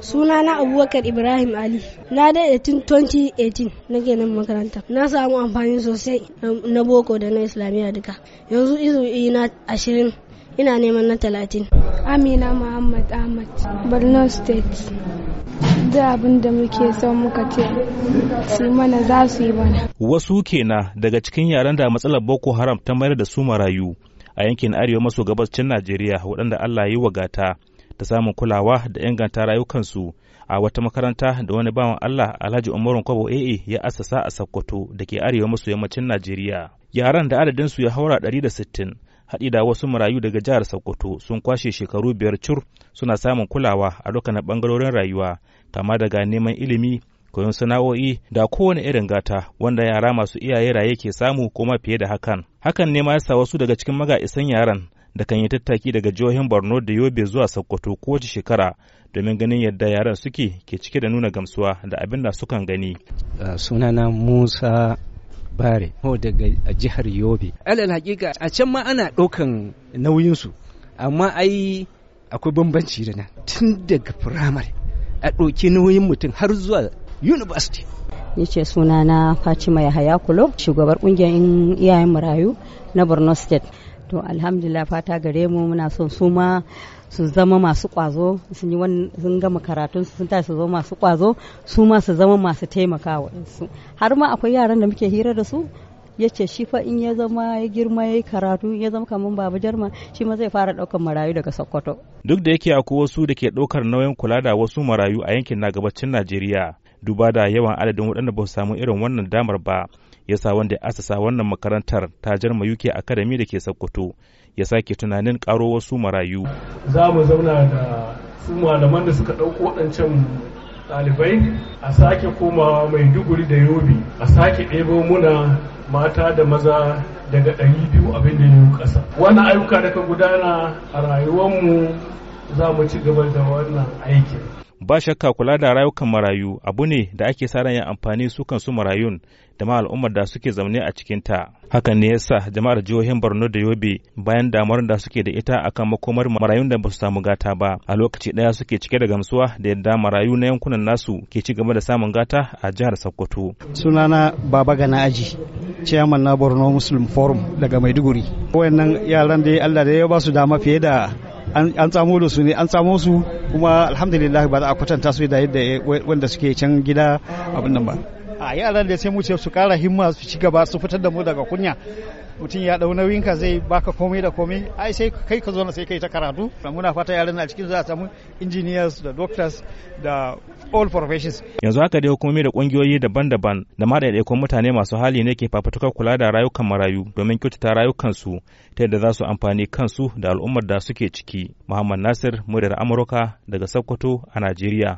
Suna na Abubakar Ibrahim Ali. Na daɗe tun 2018 nake nan makaranta. Na samu amfani sosai na boko da na islamiyya duka. Yanzu izu ina ashirin ina neman na talatin. Amina Muhammad Ahmad, Borno State. Da abin da muke son muka ce su mana za su yi mana. Wasu kenan daga cikin yaren da matsalar Boko Haram ta mayar da su marayu a yankin arewa maso gabas cin Najeriya waɗanda Allah ya yi wa gata. da samun kulawa da inganta rayukansu a wata makaranta da wani bawan Allah Alhaji Umaru Kwabo AA ya asasa a Sokoto da ke arewa maso yammacin Najeriya. Yaran da adadin su ya haura 160 haɗi da wasu marayu daga jihar Sokoto sun kwashe shekaru biyar cur suna samun kulawa a dukkanin bangarorin rayuwa kama daga neman ilimi koyon sana'o'i da kowane irin gata wanda yara masu iyaye raye ke samu kuma fiye da hakan. Hakan ne ma ya sa wasu daga cikin maga'isan yaran da kan yi tattaki daga jihohin borno da yobe zuwa sokoto kowace shekara domin ganin yadda yaran suke ke cike da nuna gamsuwa da abin da sukan gani sunana musa bare ko daga jihar yobe alal hakika a can ma ana ɗaukan nauyinsu amma ai akwai bambanci da nan tun daga firamare a ɗauki nauyin mutum har zuwa university ni ce sunana fatima yahaya kulo shugabar ƙungiyar iyayen marayu na borno state to alhamdulillah fata gare mu muna son su ma su zama masu kwazo sun yi sun gama karatun sun tashi su zama masu kwazo su ma su zama masu taimakawa su har ma akwai yaran da muke hira da su yace ce shi fa in ya zama ya girma ya yi karatu ya zama kamar baba jarma shi ma zai fara ɗaukar marayu daga sokoto duk da yake akwai wasu da ke daukar nauyin kula da wasu marayu a yankin na gabacin najeriya duba da yawan adadin waɗanda ba su samu irin wannan damar ba ya sa wanda ya asasa wannan makarantar ta jarma uk academy da ke sokoto ya sake tunanin karo wasu marayu za mu zauna da su malaman da suka ɗauko waɗancan ɗalibai a sake komawa mai duguri da yobi a sake ɗebo muna mata da maza daga ɗari biyu abin da ya ƙasa wannan ayyuka da ka gudana a rayuwar mu za mu ci gaba da wannan aikin ba shakka kula da rayukan marayu abu ne da ake sa ran yin amfani su kan su marayun da ma al'ummar da suke zaune a cikin ta hakan ne yasa jama'ar jihohin Borno da Yobe bayan damar da suke da ita akan makomar marayun da ba su samu gata ba a lokaci daya suke cike da gamsuwa da yadda marayu na yankunan nasu ke ci gaba da samun gata a jihar Sokoto sunana Baba Gana Aji chairman na Borno Muslim Forum daga Maiduguri wayannan yaran da Allah da ya ba su dama fiye da an tsamo da su ne an tsamo su kuma alhamdulillah ba za a kwatanta su da yadda wanda suke can gida abin nan ba a yaran da sai mu ce su kara himma su ci gaba su fitar da mu daga kunya mutum ya dau nauyin zai baka komai da komai ai sai kai ka zo na sai kai ta karatu muna fata yaran a cikin za samu engineers da doctors da all professions yanzu haka dai hukumomi da kungiyoyi daban-daban da ma ɗaiɗaikun mutane masu hali ne ke fafutukar kula da rayukan marayu domin kyautata rayukan su ta yadda za su amfani kansu da al'ummar da suke ciki muhammad nasir muryar amurka daga sokoto a najeriya